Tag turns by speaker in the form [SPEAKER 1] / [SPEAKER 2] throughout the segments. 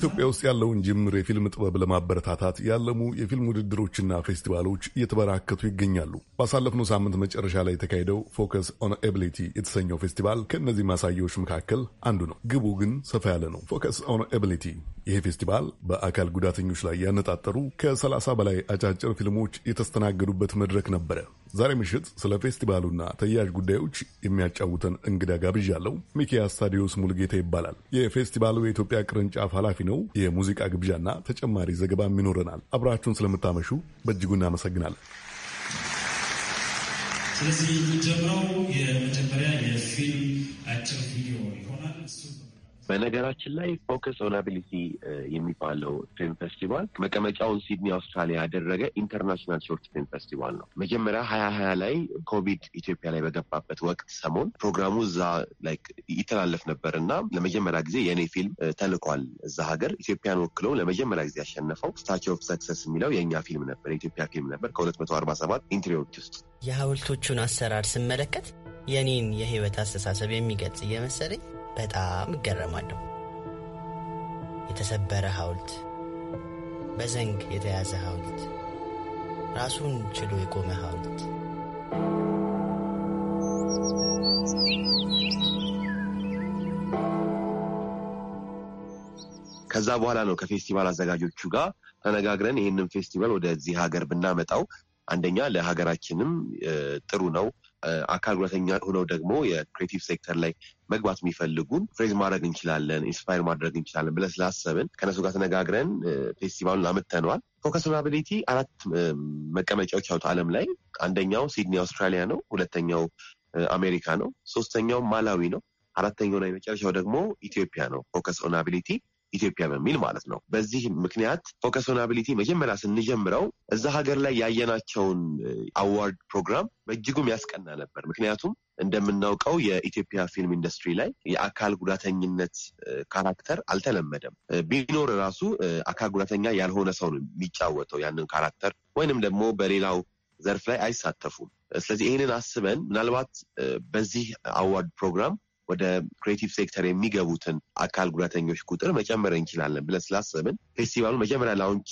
[SPEAKER 1] ኢትዮጵያ ውስጥ ያለውን ጅምር የፊልም ጥበብ ለማበረታታት ያለሙ የፊልም ውድድሮችና ፌስቲቫሎች እየተበራከቱ ይገኛሉ። ባሳለፍነው ሳምንት መጨረሻ ላይ የተካሄደው ፎከስ ኦን ኤቢሊቲ የተሰኘው ፌስቲቫል ከእነዚህ ማሳያዎች መካከል አንዱ ነው። ግቡ ግን ሰፋ ያለ ነው። ፎከስ ኦን ኤቢሊቲ ይሄ ፌስቲቫል በአካል ጉዳተኞች ላይ ያነጣጠሩ ከ ከ30 በላይ አጫጭር ፊልሞች የተስተናገዱበት መድረክ ነበረ። ዛሬ ምሽት ስለ ፌስቲቫሉና ተያያዥ ጉዳዮች የሚያጫውተን እንግዳ አለው። ሚኪያስ ታዲዮስ ሙልጌታ ይባላል። የፌስቲቫሉ የኢትዮጵያ ቅርንጫፍ ኃላፊ ነው። የሙዚቃ ግብዣና ተጨማሪ ዘገባም ይኖረናል። አብራችሁን ስለምታመሹ በእጅጉ እናመሰግናለን።
[SPEAKER 2] ስለዚህ የምንጀምረው የመጀመሪያ የፊልም አጭር ቪዲዮ ይሆናል።
[SPEAKER 1] በነገራችን
[SPEAKER 3] ላይ ፎከስ ኦን አቢሊቲ የሚባለው ፊልም ፌስቲቫል መቀመጫውን ሲድኒ አውስትራሊያ ያደረገ ኢንተርናሽናል ሾርት ፊልም ፌስቲቫል ነው። መጀመሪያ ሀያ ሀያ ላይ ኮቪድ ኢትዮጵያ ላይ በገባበት ወቅት ሰሞን ፕሮግራሙ እዛ ላይ ይተላለፍ ነበር እና ለመጀመሪያ ጊዜ የእኔ ፊልም ተልኳል እዛ ሀገር ኢትዮጵያን ወክለው ለመጀመሪያ ጊዜ ያሸነፈው ስታች ኦፍ ሰክሰስ የሚለው የእኛ ፊልም ነበር፣ የኢትዮጵያ ፊልም ነበር ከሁለት መቶ አርባ ሰባት ኢንትሪዎች ውስጥ
[SPEAKER 4] የሀውልቶቹን አሰራር ስመለከት የኔን የህይወት አስተሳሰብ የሚገልጽ እየመሰለኝ በጣም እገረማለሁ። የተሰበረ ሐውልት፣ በዘንግ የተያዘ ሐውልት፣ ራሱን ችሎ የቆመ ሐውልት
[SPEAKER 3] ከዛ በኋላ ነው ከፌስቲቫል አዘጋጆቹ ጋር ተነጋግረን ይህንን ፌስቲቫል ወደዚህ ሀገር ብናመጣው አንደኛ ለሀገራችንም ጥሩ ነው፣ አካል ጉዳተኛ ሆነው ደግሞ የክሬቲቭ ሴክተር ላይ መግባት የሚፈልጉን ፍሬዝ ማድረግ እንችላለን፣ ኢንስፓየር ማድረግ እንችላለን ብለን ስላሰብን ከነሱ ጋር ተነጋግረን ፌስቲቫሉን አምጥተነዋል። ፎከስ ኦን አቢሊቲ አራት መቀመጫዎች አሉት ዓለም ላይ አንደኛው ሲድኒ አውስትራሊያ ነው። ሁለተኛው አሜሪካ ነው። ሶስተኛው ማላዊ ነው። አራተኛውና የመጨረሻው ደግሞ ኢትዮጵያ ነው። ፎከስ ኦን አቢሊቲ ኢትዮጵያ በሚል ማለት ነው። በዚህ ምክንያት ፎከስ ኦን አቢሊቲ መጀመሪያ ስንጀምረው እዛ ሀገር ላይ ያየናቸውን አዋርድ uh, ፕሮግራም በእጅጉም ያስቀና ነበር። ምክንያቱም እንደምናውቀው የኢትዮጵያ ፊልም ኢንዱስትሪ ላይ የአካል ጉዳተኝነት uh, ካራክተር አልተለመደም። uh, ቢኖር ራሱ አካል ጉዳተኛ ያልሆነ ሰው ነው የሚጫወተው ያንን ካራክተር ወይንም ደግሞ በሌላው ዘርፍ ላይ አይሳተፉም። ስለዚህ ይህንን አስበን ምናልባት በዚህ አዋርድ ፕሮግራም ወደ ክሬቲቭ ሴክተር የሚገቡትን አካል ጉዳተኞች ቁጥር መጨመር እንችላለን ብለን ስላሰብን ፌስቲቫሉ መጀመሪያ ላውንች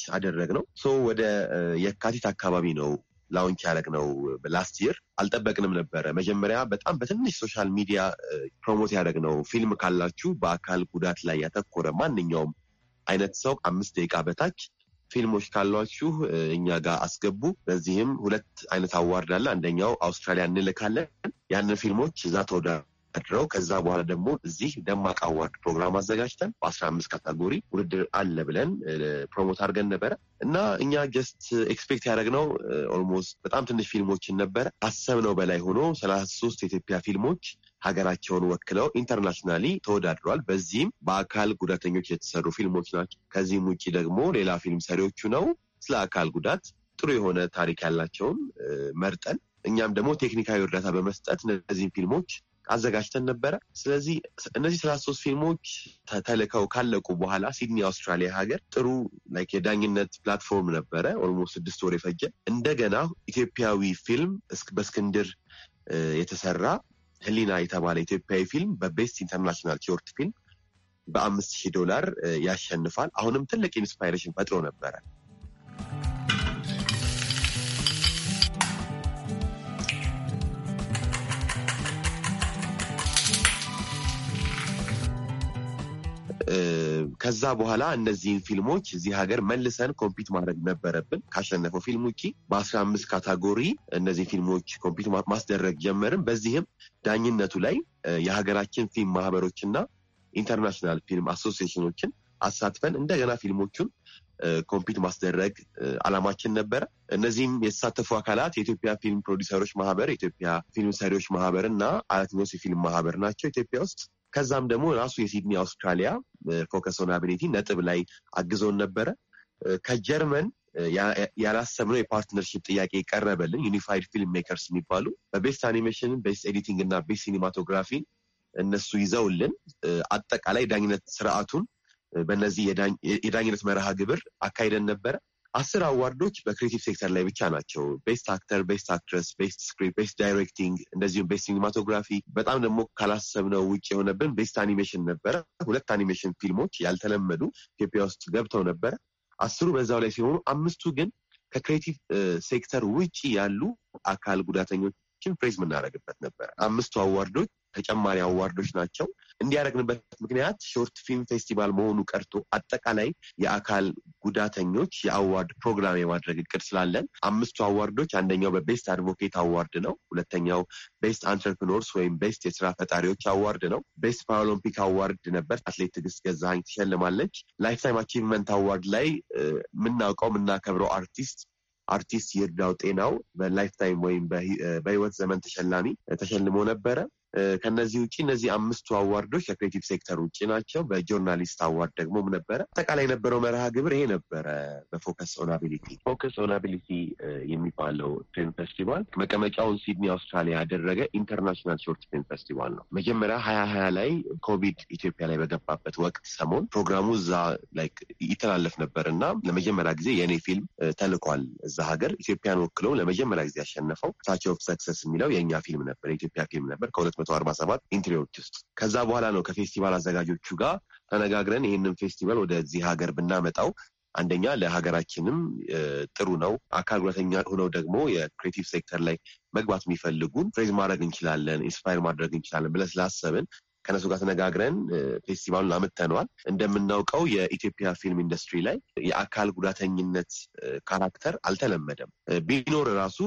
[SPEAKER 3] ነው። ሶ ወደ uh, የካቲት አካባቢ ነው ላውንች ያደረግነው ላስት ይር። አልጠበቅንም ነበረ። መጀመሪያ በጣም በትንሽ ሶሻል ሚዲያ ፕሮሞት ያደረግነው ፊልም ካላችሁ በአካል ጉዳት ላይ ያተኮረ ማንኛውም አይነት ሰው አምስት ደቂቃ በታች ፊልሞች ካሏችሁ uh, እኛ ጋር አስገቡ። በዚህም ሁለት አይነት አዋርድ አለ። አንደኛው አውስትራሊያ እንልካለን ያንን ፊልሞች እዛ ተወዳ አድረው ከዛ በኋላ ደግሞ እዚህ ደማቅ አዋርድ ፕሮግራም አዘጋጅተን በአስራ አምስት ካታጎሪ ውድድር አለ ብለን ፕሮሞት አድርገን ነበረ እና እኛ ጀስት ኤክስፔክት ያደረግነው ኦልሞስት በጣም ትንሽ ፊልሞችን ነበረ። አሰብነው በላይ ሆኖ ሰላሳ ሶስት የኢትዮጵያ ፊልሞች ሀገራቸውን ወክለው ኢንተርናሽናሊ ተወዳድሯል። በዚህም በአካል ጉዳተኞች የተሰሩ ፊልሞች ናቸው። ከዚህም ውጭ ደግሞ ሌላ ፊልም ሰሪዎቹ ነው ስለ አካል ጉዳት ጥሩ የሆነ ታሪክ ያላቸውን መርጠን እኛም ደግሞ ቴክኒካዊ እርዳታ በመስጠት እነዚህን ፊልሞች አዘጋጅተን ነበረ። ስለዚህ እነዚህ ሰላሳ ሶስት ፊልሞች ተልከው ካለቁ በኋላ ሲድኒ አውስትራሊያ ሀገር ጥሩ ላይክ የዳኝነት ፕላትፎርም ነበረ። ኦልሞስት ስድስት ወር የፈጀ እንደገና ኢትዮጵያዊ ፊልም በእስክንድር የተሰራ ህሊና የተባለ ኢትዮጵያዊ ፊልም በቤስት ኢንተርናሽናል ሾርት ፊልም በአምስት ሺህ ዶላር ያሸንፋል። አሁንም ትልቅ ኢንስፓይሬሽን ፈጥሮ ነበረ። ከዛ በኋላ እነዚህን ፊልሞች እዚህ ሀገር መልሰን ኮምፒት ማድረግ ነበረብን። ካሸነፈው ፊልም ውጪ በአስራ አምስት ካታጎሪ እነዚህ ፊልሞች ኮምፒት ማስደረግ ጀመርን። በዚህም ዳኝነቱ ላይ የሀገራችን ፊልም ማህበሮችና ኢንተርናሽናል ፊልም አሶሲሽኖችን አሳትፈን እንደገና ፊልሞቹን ኮምፒት ማስደረግ አላማችን ነበረ። እነዚህም የተሳተፉ አካላት የኢትዮጵያ ፊልም ፕሮዲሰሮች ማህበር፣ የኢትዮጵያ ፊልም ሰሪዎች ማህበር እና አያትኞስ የፊልም ማህበር ናቸው ኢትዮጵያ ውስጥ ከዛም ደግሞ ራሱ የሲድኒ አውስትራሊያ ፎከስ ኦን አቢሊቲ ነጥብ ላይ አግዞን ነበረ። ከጀርመን ያላሰብነው የፓርትነርሽፕ ጥያቄ ቀረበልን። ዩኒፋይድ ፊልም ሜከርስ የሚባሉ በቤስት አኒሜሽን፣ ቤስት ኤዲቲንግ እና ቤስት ሲኒማቶግራፊ እነሱ ይዘውልን አጠቃላይ ዳኝነት ስርዓቱን በነዚህ የዳኝነት መርሃ ግብር አካሂደን ነበረ። አስር አዋርዶች በክሬቲቭ ሴክተር ላይ ብቻ ናቸው። ቤስት አክተር፣ ቤስት አክትረስ፣ ቤስት ስክሪፕት፣ ቤስት ዳይሬክቲንግ እንደዚሁም ቤስት ሲኒማቶግራፊ። በጣም ደግሞ ካላሰብነው ውጭ የሆነብን ቤስት አኒሜሽን ነበረ። ሁለት አኒሜሽን ፊልሞች ያልተለመዱ ኢትዮጵያ ውስጥ ገብተው ነበረ። አስሩ በዛው ላይ ሲሆኑ አምስቱ ግን ከክሬቲቭ ሴክተር ውጭ ያሉ አካል ጉዳተኞች ፊልሞችን ፕሬዝ የምናደርግበት ነበር። አምስቱ አዋርዶች ተጨማሪ አዋርዶች ናቸው። እንዲያደረግንበት ምክንያት ሾርት ፊልም ፌስቲቫል መሆኑ ቀርቶ አጠቃላይ የአካል ጉዳተኞች የአዋርድ ፕሮግራም የማድረግ እቅድ ስላለን አምስቱ አዋርዶች አንደኛው በቤስት አድቮኬት አዋርድ ነው። ሁለተኛው ቤስት አንትርፕኖርስ ወይም ቤስት የስራ ፈጣሪዎች አዋርድ ነው። ቤስት ፓራኦሎምፒክ አዋርድ ነበር። አትሌት ትዕግስት ገዛኸኝ ትሸልማለች። ላይፍታይም አቺቭመንት አዋርድ ላይ የምናውቀው የምናከብረው አርቲስት አርቲስት ይርዳው ጤናው በላይፍታይም ወይም በህይወት ዘመን ተሸላሚ ተሸልሞ ነበረ። ከነዚህ ውጭ እነዚህ አምስቱ አዋርዶች ከክሬቲቭ ሴክተር ውጭ ናቸው። በጆርናሊስት አዋርድ ደግሞ ምን ነበረ? አጠቃላይ የነበረው መርሃ ግብር ይሄ ነበረ። በፎከስ ኦናቢሊቲ ፎከስ ኦናቢሊቲ የሚባለው ፊልም ፌስቲቫል መቀመጫውን ሲድኒ አውስትራሊያ ያደረገ ኢንተርናሽናል ሾርት ፊልም ፌስቲቫል ነው። መጀመሪያ ሀያ ሀያ ላይ ኮቪድ ኢትዮጵያ ላይ በገባበት ወቅት ሰሞን ፕሮግራሙ እዛ ላይክ ይተላለፍ ነበር እና ለመጀመሪያ ጊዜ የእኔ ፊልም ተልኳል እዛ ሀገር ኢትዮጵያን ወክለው ለመጀመሪያ ጊዜ ያሸነፈው ሳቸው ኦፍ ሰክሰስ የሚለው የእኛ ፊልም ነበር፣ የኢትዮጵያ ፊልም ነበር ከሁለት መቶ ኢንትሪዎች ውስጥ ከዛ በኋላ ነው ከፌስቲቫል አዘጋጆቹ ጋር ተነጋግረን ይህንን ፌስቲቫል ወደዚህ ሀገር ብናመጣው አንደኛ ለሀገራችንም ጥሩ ነው። አካል ጉዳተኛ ሆነው ደግሞ የክሬቲቭ ሴክተር ላይ መግባት የሚፈልጉን ፍሬዝ ማድረግ እንችላለን፣ ኢንስፓየር ማድረግ እንችላለን ብለን ስላሰብን ከነሱ ጋር ተነጋግረን ፌስቲቫሉን አምጥተነዋል። እንደምናውቀው የኢትዮጵያ ፊልም ኢንዱስትሪ ላይ የአካል ጉዳተኝነት ካራክተር አልተለመደም። ቢኖር ራሱ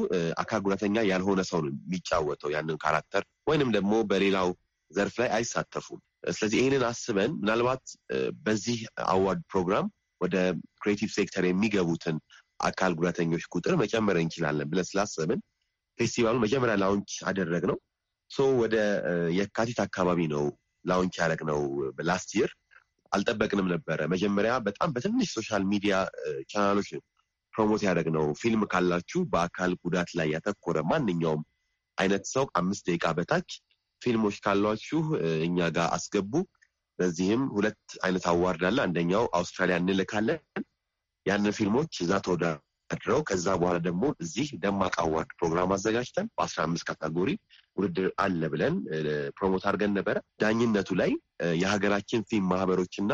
[SPEAKER 3] አካል ጉዳተኛ ያልሆነ ሰው ነው የሚጫወተው ያንን ካራክተር ወይንም ደግሞ በሌላው ዘርፍ ላይ አይሳተፉም። ስለዚህ ይህንን አስበን ምናልባት በዚህ አዋርድ ፕሮግራም ወደ ክሬቲቭ ሴክተር የሚገቡትን አካል ጉዳተኞች ቁጥር መጨመር እንችላለን ብለን ስላሰብን ፌስቲቫሉ መጀመሪያ ላውንች አደረግ ነው። ሶ ወደ የካቲት አካባቢ ነው ላውንች ያደረግ ነው ላስት ይር። አልጠበቅንም ነበረ። መጀመሪያ በጣም በትንሽ ሶሻል ሚዲያ ቻናሎች ፕሮሞት ያደረግ ነው። ፊልም ካላችሁ በአካል ጉዳት ላይ ያተኮረ ማንኛውም አይነት ሰው አምስት ደቂቃ በታች ፊልሞች ካሏችሁ እኛ ጋር አስገቡ። በዚህም ሁለት አይነት አዋርድ አለ። አንደኛው አውስትራሊያ እንልካለን ያንን ፊልሞች እዛ ተወዳድረው ከዛ በኋላ ደግሞ እዚህ ደማቅ አዋርድ ፕሮግራም አዘጋጅተን በአስራ አምስት ካታጎሪ ውድድር አለ ብለን ፕሮሞት አድርገን ነበረ። ዳኝነቱ ላይ የሀገራችን ፊልም ማህበሮችና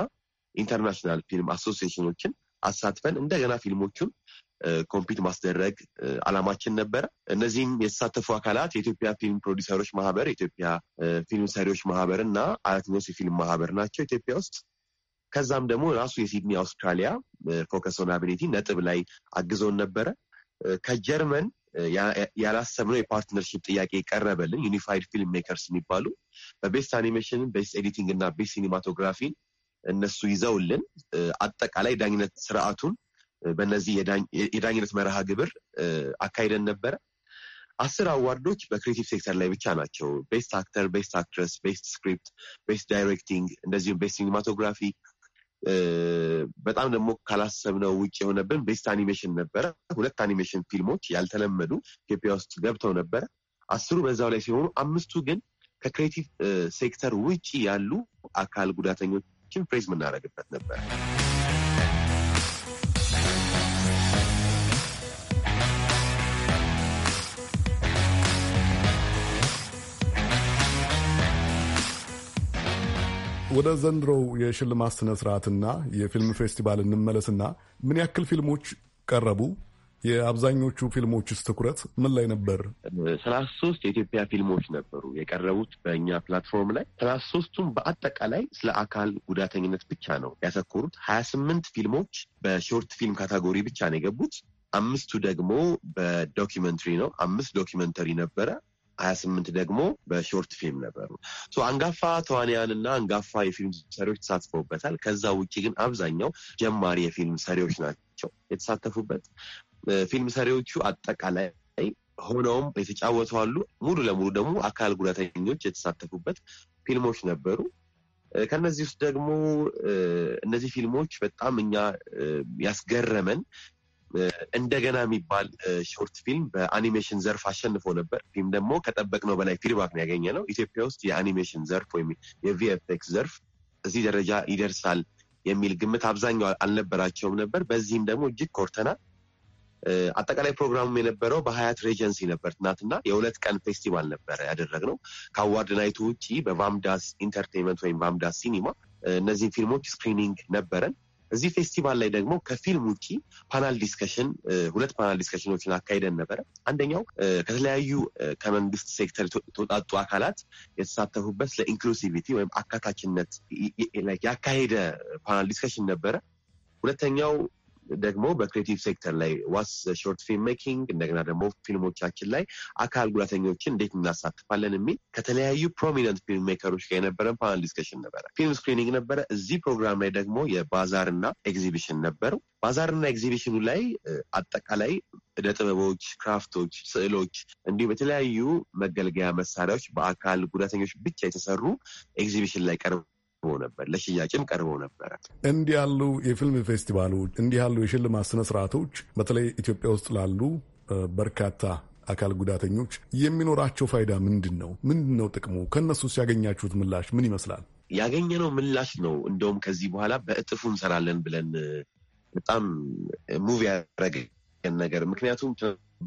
[SPEAKER 3] ኢንተርናሽናል ፊልም አሶሲሽኖችን አሳትፈን እንደገና ፊልሞቹን ኮምፒት ማስደረግ አላማችን ነበረ። እነዚህም የተሳተፉ አካላት የኢትዮጵያ ፊልም ፕሮዲሰሮች ማህበር፣ የኢትዮጵያ ፊልም ሰሪዎች ማህበር እና አያትኞስ የፊልም ማህበር ናቸው ኢትዮጵያ ውስጥ። ከዛም ደግሞ ራሱ የሲድኒ አውስትራሊያ ፎከስ ኦን አቢሊቲ ነጥብ ላይ አግዞን ነበረ። ከጀርመን ያላሰብነው የፓርትነርሽፕ ጥያቄ ቀረበልን። ዩኒፋይድ ፊልም ሜከርስ የሚባሉ በቤስት አኒሜሽን ቤስት ኤዲቲንግ እና ቤስት ሲኒማቶግራፊን እነሱ ይዘውልን አጠቃላይ ዳኝነት ስርዓቱን በእነዚህ የዳኝነት መርሃ ግብር አካሂደን ነበረ። አስር አዋርዶች በክሬቲቭ ሴክተር ላይ ብቻ ናቸው። ቤስት አክተር፣ ቤስት አክትረስ፣ ቤስት ስክሪፕት፣ ቤስት ዳይሬክቲንግ እንደዚሁም ቤስት ሲኒማቶግራፊ፣ በጣም ደግሞ ካላሰብነው ውጭ የሆነብን ቤስት አኒሜሽን ነበረ። ሁለት አኒሜሽን ፊልሞች ያልተለመዱ ኢትዮጵያ ውስጥ ገብተው ነበረ። አስሩ በዛው ላይ ሲሆኑ አምስቱ ግን ከክሬቲቭ ሴክተር ውጭ ያሉ አካል ጉዳተኞችን ፕሬዝ የምናደርግበት ነበር።
[SPEAKER 1] ወደ ዘንድሮው የሽልማት ስነ ስርዓትና የፊልም ፌስቲቫል እንመለስና ምን ያክል ፊልሞች ቀረቡ? የአብዛኞቹ ፊልሞችስ ትኩረት ምን ላይ ነበር?
[SPEAKER 3] ሰላሳ ሶስት የኢትዮጵያ ፊልሞች ነበሩ የቀረቡት በእኛ ፕላትፎርም ላይ። ሰላሳ ሶስቱም በአጠቃላይ ስለ አካል ጉዳተኝነት ብቻ ነው ያተኮሩት። ሀያ ስምንት ፊልሞች በሾርት ፊልም ካታጎሪ ብቻ ነው የገቡት። አምስቱ ደግሞ በዶኪመንተሪ ነው። አምስት ዶኪመንተሪ ነበረ። ሀያ ስምንት ደግሞ በሾርት ፊልም ነበሩ። አንጋፋ እና አንጋፋ የፊልም ሰሪዎች ተሳትፈውበታል። ከዛ ውጭ ግን አብዛኛው ጀማሪ የፊልም ሰሪዎች ናቸው የተሳተፉበት። ፊልም ሰሪዎቹ አጠቃላይ ሆነውም የተጫወቱ አሉ። ሙሉ ለሙሉ ደግሞ አካል ጉዳተኞች የተሳተፉበት ፊልሞች ነበሩ። ከነዚህ ውስጥ ደግሞ እነዚህ ፊልሞች በጣም እኛ ያስገረመን እንደገና የሚባል ሾርት ፊልም በአኒሜሽን ዘርፍ አሸንፎ ነበር። ፊልም ደግሞ ከጠበቅነው በላይ ፊድባክ ነው ያገኘ ነው። ኢትዮጵያ ውስጥ የአኒሜሽን ዘርፍ ወይም የቪኤፍኤክስ ዘርፍ እዚህ ደረጃ ይደርሳል የሚል ግምት አብዛኛው አልነበራቸውም ነበር። በዚህም ደግሞ እጅግ ኮርተናል። አጠቃላይ ፕሮግራሙ የነበረው በሀያት ሬጀንሲ ነበር። ትናንትና የሁለት ቀን ፌስቲቫል ነበረ ያደረግነው። ከአዋርድ ናይቱ ውጭ በቫምዳስ ኢንተርቴንመንት ወይም ቫምዳስ ሲኒማ እነዚህን ፊልሞች ስክሪኒንግ ነበረን። እዚህ ፌስቲቫል ላይ ደግሞ ከፊልም ውጪ ፓናል ዲስከሽን ሁለት ፓናል ዲስከሽኖችን አካሂደን ነበረ። አንደኛው ከተለያዩ ከመንግስት ሴክተር የተወጣጡ አካላት የተሳተፉበት ለኢንክሉሲቪቲ ወይም አካታችነት ያካሄደ ፓናል ዲስከሽን ነበረ። ሁለተኛው ደግሞ በክሬቲቭ ሴክተር ላይ ዋስ ሾርት ፊልም ሜኪንግ እንደገና ደግሞ ፊልሞቻችን ላይ አካል ጉዳተኞችን እንዴት እናሳትፋለን የሚል ከተለያዩ ፕሮሚነንት ፊልም ሜከሮች ጋር የነበረን ፓናል ዲስከሽን ነበረ። ፊልም ስክሪኒንግ ነበረ። እዚህ ፕሮግራም ላይ ደግሞ የባዛርና ኤግዚቢሽን ነበረው። ባዛርና ኤግዚቢሽኑ ላይ አጠቃላይ እደ ጥበቦች፣ ክራፍቶች፣ ስዕሎች እንዲሁም የተለያዩ መገልገያ መሳሪያዎች በአካል ጉዳተኞች ብቻ የተሰሩ ኤግዚቢሽን ላይ ቀርበው ቀርቦ ነበር፣ ለሽያጭም ቀርቦ ነበረ።
[SPEAKER 1] እንዲህ ያሉ የፊልም ፌስቲቫሎች፣ እንዲህ ያሉ የሽልማት ስነስርዓቶች በተለይ ኢትዮጵያ ውስጥ ላሉ በርካታ አካል ጉዳተኞች የሚኖራቸው ፋይዳ ምንድን ነው? ምንድን ነው ጥቅሙ? ከእነሱስ ያገኛችሁት ምላሽ ምን ይመስላል?
[SPEAKER 3] ያገኘነው ምላሽ ነው እንደውም ከዚህ በኋላ በእጥፉ እንሰራለን ብለን በጣም ሙቪ ያደረገን ነገር ምክንያቱም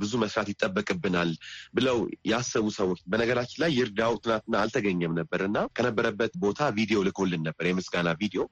[SPEAKER 3] ብዙ መስራት ይጠበቅብናል ብለው ያሰቡ ሰዎች በነገራችን ላይ ይርዳው ትናንትና አልተገኘም ነበር እና ከነበረበት ቦታ ቪዲዮ ልኮልን ነበር፣ የምስጋና ቪዲዮ።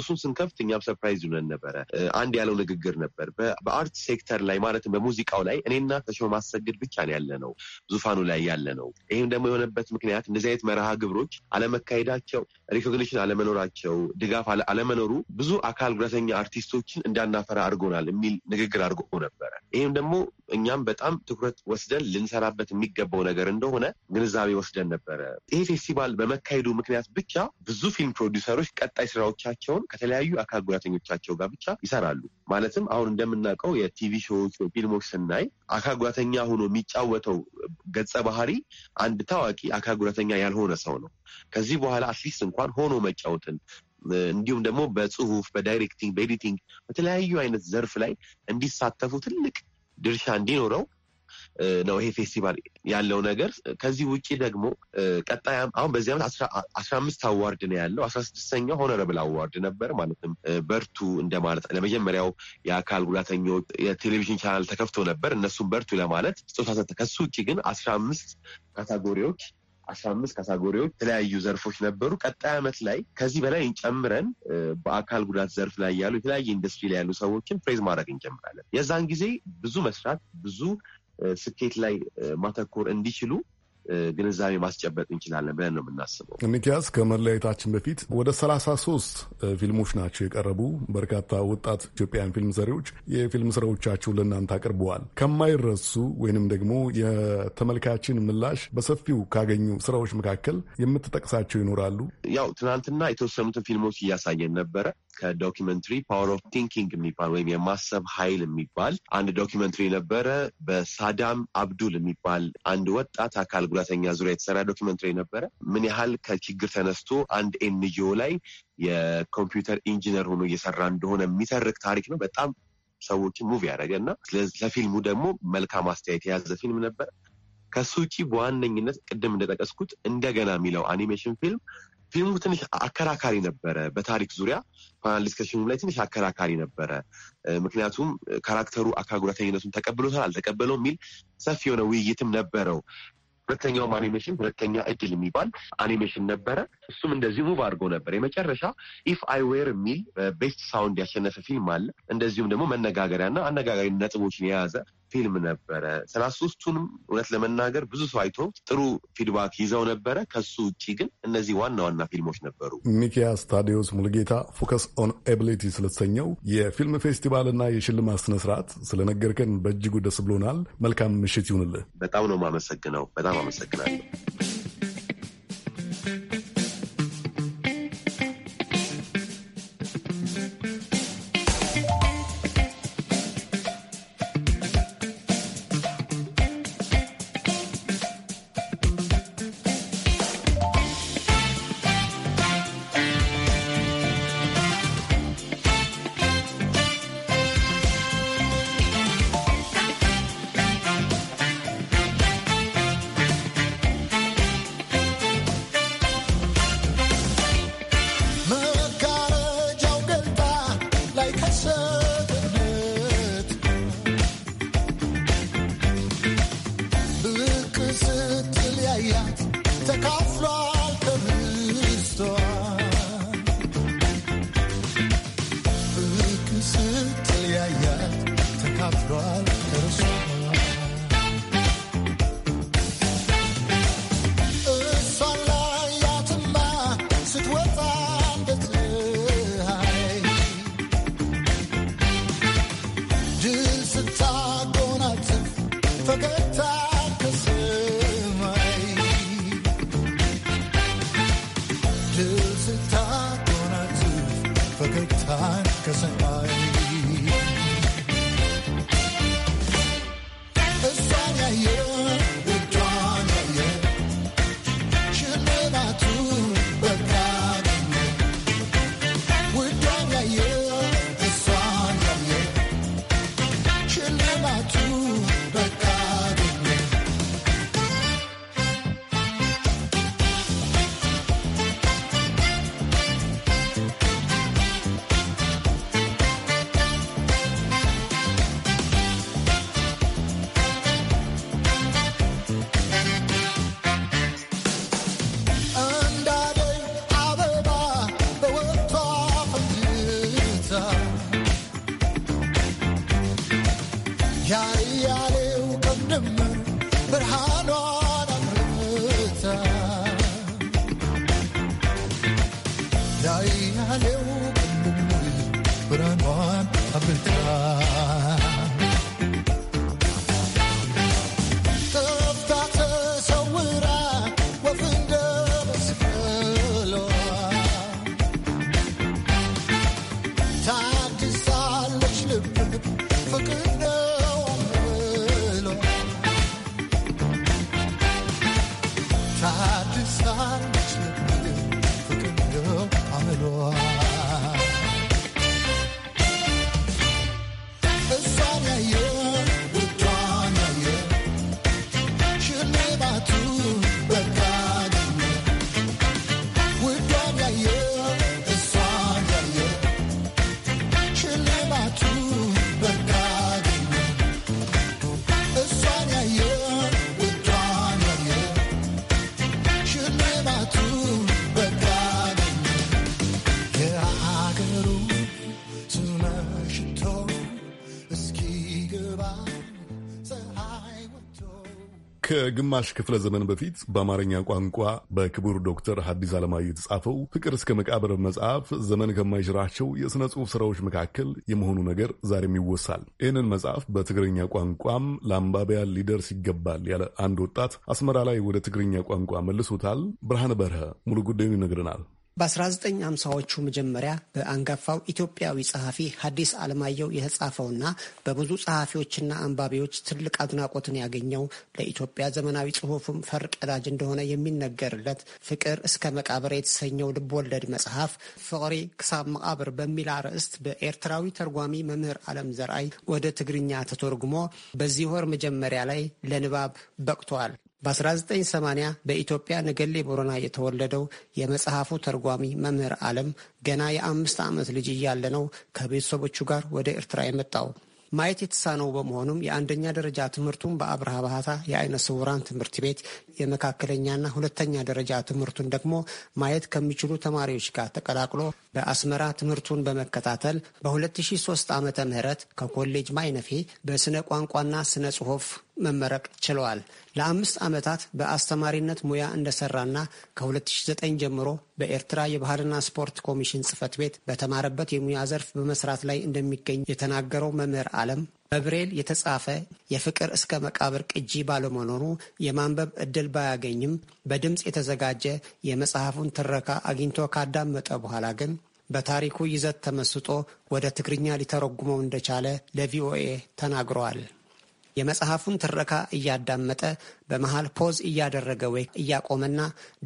[SPEAKER 3] እሱን ስንከፍት እኛም ሰርፕራይዝ ይሆነን ነበረ። አንድ ያለው ንግግር ነበር። በአርት ሴክተር ላይ ማለትም በሙዚቃው ላይ እኔና ተሾመ ማሰግድ ብቻ ነው ያለ ነው ዙፋኑ ላይ ያለ ነው። ይህም ደግሞ የሆነበት ምክንያት እንደዚህ አይነት መርሃ ግብሮች አለመካሄዳቸው፣ ሪኮግኒሽን አለመኖራቸው፣ ድጋፍ አለመኖሩ ብዙ አካል ጉዳተኛ አርቲስቶችን እንዳናፈራ አድርጎናል የሚል ንግግር አድርጎ ነበረ። ይህም ደግሞ እኛም በጣም ትኩረት ወስደን ልንሰራበት የሚገባው ነገር እንደሆነ ግንዛቤ ወስደን ነበረ። ይሄ ፌስቲቫል በመካሄዱ ምክንያት ብቻ ብዙ ፊልም ፕሮዲውሰሮች ቀጣይ ስራዎቻቸውን ከተለያዩ አካል ጉዳተኞቻቸው ጋር ብቻ ይሰራሉ። ማለትም አሁን እንደምናውቀው የቲቪ ሾዎች፣ ፊልሞች ስናይ አካል ጉዳተኛ ሆኖ የሚጫወተው ገጸ ባህሪ አንድ ታዋቂ አካል ጉዳተኛ ያልሆነ ሰው ነው። ከዚህ በኋላ አትሊስት እንኳን ሆኖ መጫወትን እንዲሁም ደግሞ በጽሁፍ፣ በዳይሬክቲንግ፣ በኤዲቲንግ በተለያዩ አይነት ዘርፍ ላይ እንዲሳተፉ ትልቅ ድርሻ እንዲኖረው ነው ይሄ ፌስቲቫል ያለው ነገር። ከዚህ ውጭ ደግሞ ቀጣይ አሁን በዚህ ዓመት አስራ አምስት አዋርድ ነው ያለው። አስራ ስድስተኛው ሆነረብል አዋርድ ነበር። ማለትም በርቱ እንደማለት ለመጀመሪያው የአካል ጉዳተኞች የቴሌቪዥን ቻናል ተከፍቶ ነበር። እነሱም በርቱ ለማለት ስጦታ ሰጠ። ከሱ ውጭ ግን አስራ አምስት ካታጎሪዎች አስራ አምስት ካሳጎሪዎች የተለያዩ ዘርፎች ነበሩ። ቀጣይ ዓመት ላይ ከዚህ በላይ ጨምረን በአካል ጉዳት ዘርፍ ላይ ያሉ የተለያየ ኢንዱስትሪ ላይ ያሉ ሰዎችን ፕሬዝ ማድረግ እንጀምራለን። የዛን ጊዜ ብዙ መስራት ብዙ ስኬት ላይ ማተኮር እንዲችሉ ግንዛቤ ማስጨበጥ እንችላለን ብለን ነው የምናስበው።
[SPEAKER 1] ሚኪያስ ከመለያየታችን በፊት ወደ ሰላሳ ሶስት ፊልሞች ናቸው የቀረቡ። በርካታ ወጣት ኢትዮጵያውያን ፊልም ሰሪዎች የፊልም ስራዎቻቸውን ለእናንተ አቅርበዋል። ከማይረሱ ወይንም ደግሞ የተመልካችን ምላሽ በሰፊው ካገኙ ስራዎች መካከል የምትጠቅሳቸው ይኖራሉ?
[SPEAKER 3] ያው ትናንትና የተወሰኑትን ፊልሞች እያሳየን ነበረ። ከዶኪመንትሪ ፓወር ኦፍ ቲንኪንግ የሚባል ወይም የማሰብ ኃይል የሚባል አንድ ዶኪመንትሪ ነበረ። በሳዳም አብዱል የሚባል አንድ ወጣት አካል ጉዳተኛ ዙሪያ የተሰራ ዶኪመንትሪ ነበረ። ምን ያህል ከችግር ተነስቶ አንድ ኤንጂኦ ላይ የኮምፒውተር ኢንጂነር ሆኖ እየሰራ እንደሆነ የሚተርክ ታሪክ ነው። በጣም ሰዎችን ሙቭ ያደረገ እና ለፊልሙ ደግሞ መልካም አስተያየት የያዘ ፊልም ነበር። ከሱ ውጪ በዋነኝነት ቅድም እንደጠቀስኩት እንደገና የሚለው አኒሜሽን ፊልም ፊልሙ ትንሽ አከራካሪ ነበረ። በታሪክ ዙሪያ ፓናል ዲስከሽኑ ላይ ትንሽ አከራካሪ ነበረ። ምክንያቱም ካራክተሩ አካል ጉዳተኝነቱን ተቀብሎታል አልተቀበለው የሚል ሰፊ የሆነ ውይይትም ነበረው። ሁለተኛውም አኒሜሽን ሁለተኛ እድል የሚባል አኒሜሽን ነበረ። እሱም እንደዚሁ ሙቭ አድርጎ ነበር። የመጨረሻ ኢፍ አይ ዌር የሚል ቤስት ሳውንድ ያሸነፈ ፊልም አለ። እንደዚሁም ደግሞ መነጋገሪያና አነጋጋሪ ነጥቦችን የያዘ ፊልም ነበረ። ሰላሳ ሶስቱንም እውነት ለመናገር ብዙ ሰው አይቶ ጥሩ ፊድባክ ይዘው ነበረ። ከሱ ውጭ ግን እነዚህ ዋና ዋና ፊልሞች ነበሩ።
[SPEAKER 1] ሚኪያስ ታዲዮስ ሙልጌታ ፎከስ ኦን ኤቢሊቲ ስለተሰኘው የፊልም ፌስቲቫልና የሽልማት ስነስርዓት ስለነገርከን በእጅጉ ደስ ብሎናል። መልካም ምሽት ይሁንልህ። በጣም ነው የማመሰግነው።
[SPEAKER 3] በጣም አመሰግናለሁ።
[SPEAKER 2] ዳይ ያለው ብርሃኗን አብርታ
[SPEAKER 1] ከግማሽ ክፍለ ዘመን በፊት በአማርኛ ቋንቋ በክቡር ዶክተር ሐዲስ ዓለማየሁ የተጻፈው ፍቅር እስከ መቃብር መጽሐፍ ዘመን ከማይሽራቸው የሥነ ጽሑፍ ሥራዎች መካከል የመሆኑ ነገር ዛሬም ይወሳል። ይህንን መጽሐፍ በትግርኛ ቋንቋም ለአንባቢያን ሊደርስ ይገባል ያለ አንድ ወጣት አስመራ ላይ ወደ ትግርኛ ቋንቋ መልሶታል። ብርሃን በርሀ ሙሉ ጉዳዩን ይነግረናል።
[SPEAKER 4] በ1950ዎቹ መጀመሪያ በአንጋፋው ኢትዮጵያዊ ጸሐፊ ሐዲስ ዓለማየሁ የተጻፈውና በብዙ ጸሐፊዎችና አንባቢዎች ትልቅ አድናቆትን ያገኘው ለኢትዮጵያ ዘመናዊ ጽሑፍም ፈርቀዳጅ እንደሆነ የሚነገርለት ፍቅር እስከ መቃብር የተሰኘው ልብወለድ መጽሐፍ ፍቅሪ ክሳብ መቃብር በሚል አርዕስት በኤርትራዊ ተርጓሚ መምህር ዓለም ዘርአይ ወደ ትግርኛ ተተርጉሞ በዚህ ወር መጀመሪያ ላይ ለንባብ በቅቷል። በ1980 በኢትዮጵያ ነገሌ ቦረና የተወለደው የመጽሐፉ ተርጓሚ መምህር ዓለም ገና የአምስት ዓመት ልጅ እያለ ነው ከቤተሰቦቹ ጋር ወደ ኤርትራ የመጣው። ማየት የተሳነው በመሆኑም የአንደኛ ደረጃ ትምህርቱን በአብርሃ ባህታ የአይነ ስውራን ትምህርት ቤት፣ የመካከለኛና ሁለተኛ ደረጃ ትምህርቱን ደግሞ ማየት ከሚችሉ ተማሪዎች ጋር ተቀላቅሎ በአስመራ ትምህርቱን በመከታተል በ2003 ዓ ም ከኮሌጅ ማይነፌ በስነ ቋንቋና ስነ ጽሑፍ መመረቅ ችለዋል። ለአምስት ዓመታት በአስተማሪነት ሙያ እንደሰራና ከ2009 ጀምሮ በኤርትራ የባህልና ስፖርት ኮሚሽን ጽህፈት ቤት በተማረበት የሙያ ዘርፍ በመስራት ላይ እንደሚገኝ የተናገረው መምህር አለም በብሬል የተጻፈ የፍቅር እስከ መቃብር ቅጂ ባለመኖሩ የማንበብ እድል ባያገኝም በድምፅ የተዘጋጀ የመጽሐፉን ትረካ አግኝቶ ካዳመጠ በኋላ ግን በታሪኩ ይዘት ተመስጦ ወደ ትግርኛ ሊተረጉመው እንደቻለ ለቪኦኤ ተናግረዋል። የመጽሐፉን ትረካ እያዳመጠ በመሃል ፖዝ እያደረገ ወይ እያቆመና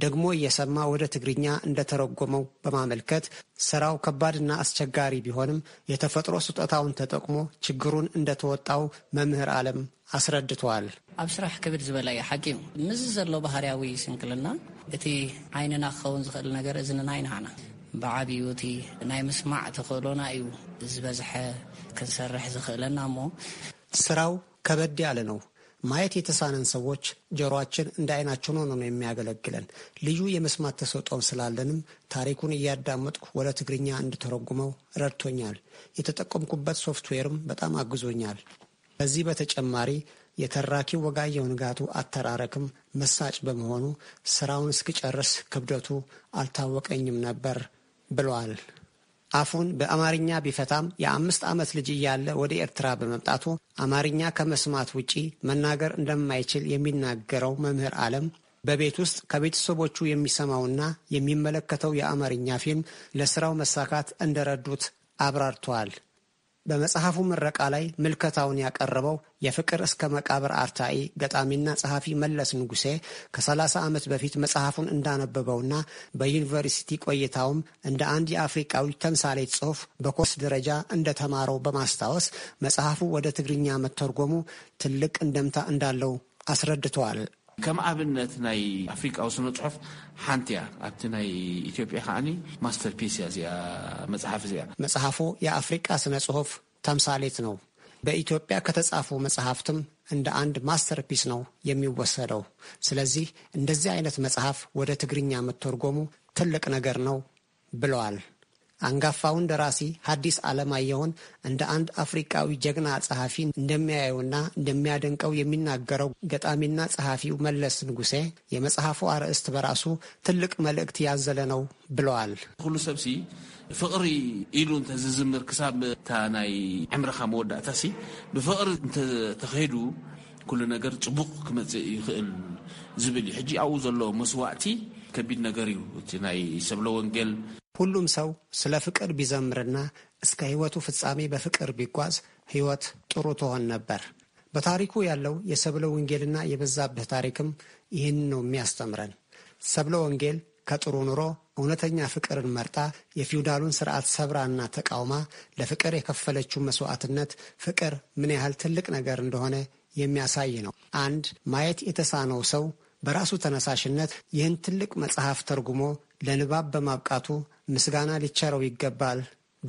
[SPEAKER 4] ደግሞ እየሰማ ወደ ትግርኛ እንደተረጎመው በማመልከት ስራው ከባድና አስቸጋሪ ቢሆንም የተፈጥሮ ስጦታውን ተጠቅሞ ችግሩን እንደተወጣው መምህር አለም አስረድተዋል። ኣብ ስራሕ ክብድ ዝበለ ዝበላዩ ሓቂም ምዝ ዘሎ ባህርያዊ ስንክልና እቲ ዓይንና ክኸውን ዝኽእል ነገር እዝንና ይንሃና ብዓብዩ እቲ ናይ ምስማዕ ተኽእሎና እዩ ዝበዝሐ ክንሰርሕ ዝኽእለና እሞ ስራው ከበድ ያለ ነው። ማየት የተሳነን ሰዎች ጆሮአችን እንደ አይናችን ሆኖ ነው የሚያገለግለን። ልዩ የመስማት ተሰጦም ስላለንም ታሪኩን እያዳመጥኩ ወደ ትግርኛ እንድተረጉመው ረድቶኛል። የተጠቀምኩበት ሶፍትዌርም በጣም አግዞኛል። ከዚህ በተጨማሪ የተራኪው ወጋየሁ ንጋቱ አተራረክም መሳጭ በመሆኑ ስራውን እስክጨርስ ክብደቱ አልታወቀኝም ነበር ብለዋል። አፉን በአማርኛ ቢፈታም የአምስት ዓመት ልጅ እያለ ወደ ኤርትራ በመምጣቱ አማርኛ ከመስማት ውጪ መናገር እንደማይችል የሚናገረው መምህር አለም በቤት ውስጥ ከቤተሰቦቹ የሚሰማውና የሚመለከተው የአማርኛ ፊልም ለስራው መሳካት እንደረዱት አብራርተዋል። በመጽሐፉ ምረቃ ላይ ምልከታውን ያቀረበው የፍቅር እስከ መቃብር አርታኢ ገጣሚና ጸሐፊ መለስ ንጉሴ ከ30 ዓመት በፊት መጽሐፉን እንዳነበበውና በዩኒቨርሲቲ ቆይታውም እንደ አንድ የአፍሪቃዊ ተምሳሌ ጽሑፍ በኮርስ ደረጃ እንደተማረው በማስታወስ መጽሐፉ ወደ ትግርኛ መተርጎሙ ትልቅ እንደምታ እንዳለው አስረድተዋል።
[SPEAKER 3] ከም ኣብነት ናይ ኣፍሪቃዊ ስነ ፅሑፍ ሓንቲ እያ ኣብቲ ናይ ኢትዮጵያ ከዓኒ ማስተርፒስ እያ እዚኣ መፅሓፍ እዚኣ
[SPEAKER 4] መፅሓፉ የኣፍሪቃ ስነ ፅሑፍ ተምሳሌት ነው። በኢትዮጵያ ከተጻፉ መጽሐፍትም እንደ አንድ ማስተርፒስ ነው የሚወሰደው። ስለዚህ እንደዚህ አይነት መጽሐፍ ወደ ትግርኛ መተርጎሙ ትልቅ ነገር ነው ብለዋል። አንጋፋውን ደራሲ ሐዲስ ዓለማየሁን እንደ አንድ አፍሪቃዊ ጀግና ጸሐፊ እንደሚያየውና እንደሚያደንቀው የሚናገረው ገጣሚና ጸሐፊው መለስ ንጉሴ የመጽሐፉ አርእስት በራሱ ትልቅ መልእክት ያዘለ ነው ብለዋል።
[SPEAKER 3] ኩሉ ሰብሲ ፍቅሪ ኢሉ እንተዝዝምር ክሳብ እታ ናይ ዕምርኻ መወዳእታ ሲ ብፍቅሪ እንተተኸይዱ ኩሉ ነገር ፅቡቅ ክመፅእ ይኽእል ዝብል እዩ ሕጂ ኣብኡ ዘሎ መስዋዕቲ ከቢድ ነገር እዩ እቲ ናይ ሰብለ ወንጌል
[SPEAKER 4] ሁሉም ሰው ስለ ፍቅር ቢዘምርና እስከ ሕይወቱ ፍጻሜ በፍቅር ቢጓዝ ሕይወት ጥሩ ትሆን ነበር። በታሪኩ ያለው የሰብለ ወንጌልና የበዛብህ ታሪክም ይህን ነው የሚያስተምረን። ሰብለ ወንጌል ከጥሩ ኑሮ እውነተኛ ፍቅርን መርጣ የፊውዳሉን ስርዓት ሰብራና ተቃውማ ለፍቅር የከፈለችው መስዋዕትነት ፍቅር ምን ያህል ትልቅ ነገር እንደሆነ የሚያሳይ ነው። አንድ ማየት የተሳነው ሰው በራሱ ተነሳሽነት ይህን ትልቅ መጽሐፍ ተርጉሞ ለንባብ በማብቃቱ ምስጋና ሊቸረው ይገባል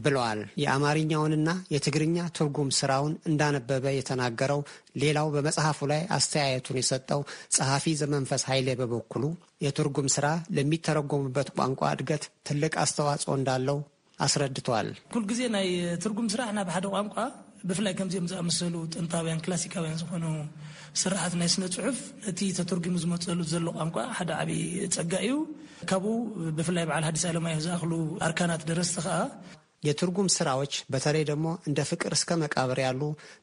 [SPEAKER 4] ብለዋል። የአማርኛውንና የትግርኛ ትርጉም ስራውን እንዳነበበ የተናገረው ሌላው በመጽሐፉ ላይ አስተያየቱን የሰጠው ጸሐፊ ዘመንፈስ ኃይሌ በበኩሉ የትርጉም ስራ ለሚተረጎሙበት ቋንቋ እድገት ትልቅ አስተዋጽኦ እንዳለው አስረድተዋል። ኩልግዜ ናይ ትርጉም ስራ ናብ ሓደ ቋንቋ ብፍላይ ከምዚኦም ዝኣመሰሉ ጥንታውያን ክላሲካውያን ዝኾኑ ስርዓት ናይ ስነ ፅሑፍ እቲ ተተርጊሙ ዝመፀሉ ዘሎ ቋንቋ ሓደ ዓብዪ ፀጋ እዩ ካብኡ ብፍላይ በዓል ሃዲስ ኣለማዮ ዝኣኽሉ ኣርካናት ደረስቲ ከዓ የትርጉም ስራዎች በተለይ ደግሞ እንደ ፍቅር እስከ መቃብር ያሉ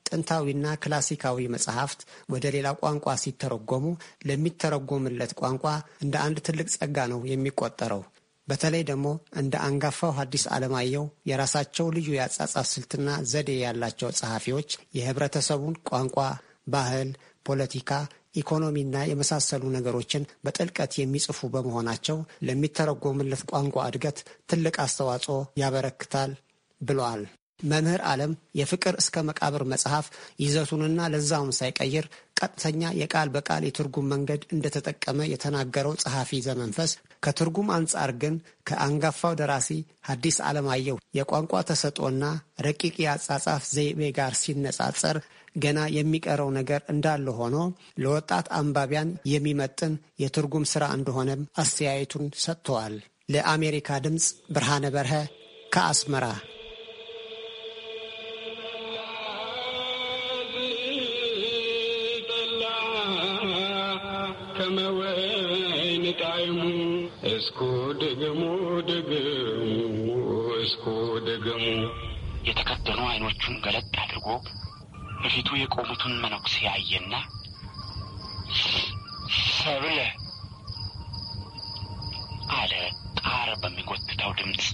[SPEAKER 4] ጥንታዊና ክላሲካዊ መጽሐፍት ወደ ሌላ ቋንቋ ሲተረጎሙ ለሚተረጎምለት ቋንቋ እንደ አንድ ትልቅ ጸጋ ነው የሚቆጠረው። በተለይ ደግሞ እንደ አንጋፋው ሐዲስ ዓለማየሁ የራሳቸው ልዩ የአጻጻፍ ስልትና ዘዴ ያላቸው ጸሐፊዎች የህብረተሰቡን ቋንቋ፣ ባህል ፖለቲካ፣ ኢኮኖሚና የመሳሰሉ ነገሮችን በጥልቀት የሚጽፉ በመሆናቸው ለሚተረጎምለት ቋንቋ እድገት ትልቅ አስተዋጽኦ ያበረክታል ብለዋል። መምህር ዓለም የፍቅር እስከ መቃብር መጽሐፍ ይዘቱንና ለዛውን ሳይቀይር ቀጥተኛ የቃል በቃል የትርጉም መንገድ እንደተጠቀመ የተናገረው ጸሐፊ ዘመንፈስ ከትርጉም አንጻር ግን ከአንጋፋው ደራሲ ሐዲስ ዓለማየሁ የቋንቋ ተሰጥኦና ረቂቅ የአጻጻፍ ዘይቤ ጋር ሲነጻጸር ገና የሚቀረው ነገር እንዳለ ሆኖ ለወጣት አንባቢያን የሚመጥን የትርጉም ስራ እንደሆነም አስተያየቱን ሰጥተዋል። ለአሜሪካ ድምፅ ብርሃነ በርሀ ከአስመራ።
[SPEAKER 2] ከመወይን ጣይሙ የተከደኑ አይኖቹን ገለጥ አድርጎ በፊቱ የቆሙትን መነኩሴ አየና ሰብለ አለ ጣር በሚጎትተው ድምፅ።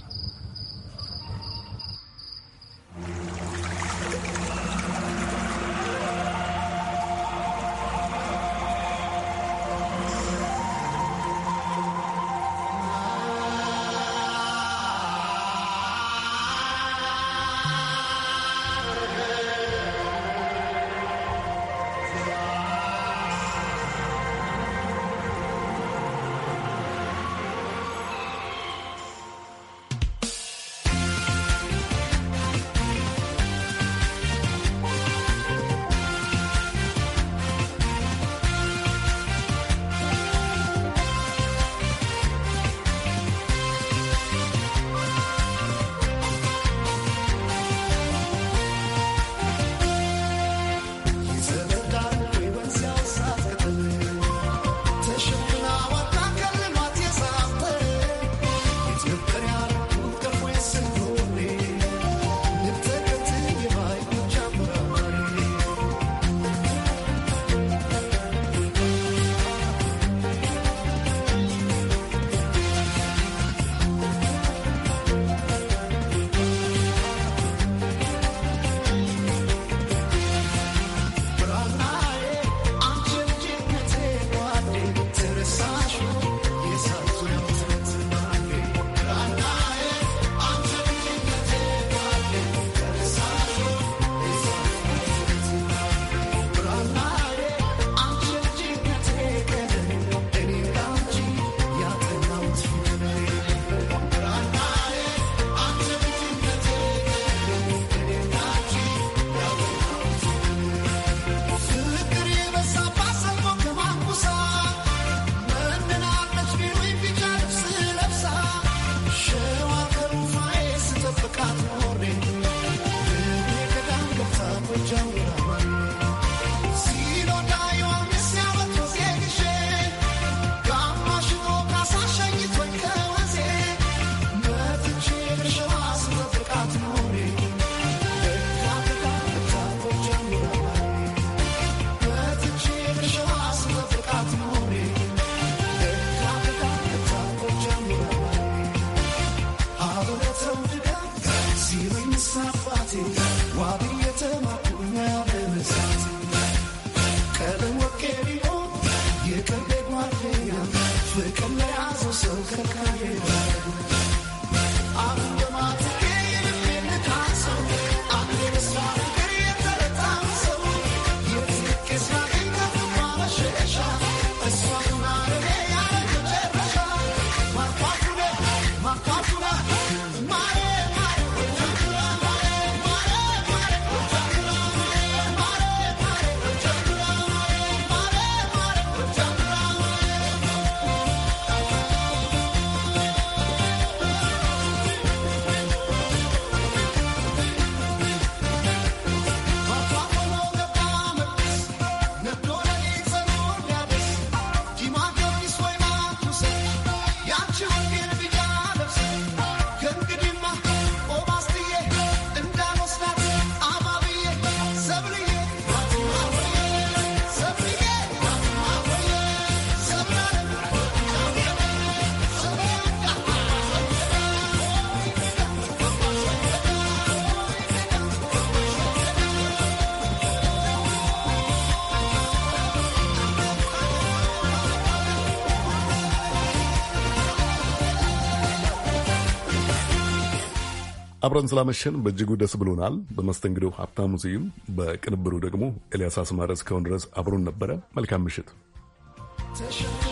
[SPEAKER 1] አብረን ስላመሸን በእጅጉ ደስ ብሎናል። በመስተንግዶ ሀብታሙ ስዩም፣ በቅንብሩ ደግሞ ኤልያስ አስማረ እስካሁን ድረስ አብሮን ነበረ። መልካም
[SPEAKER 2] ምሽት።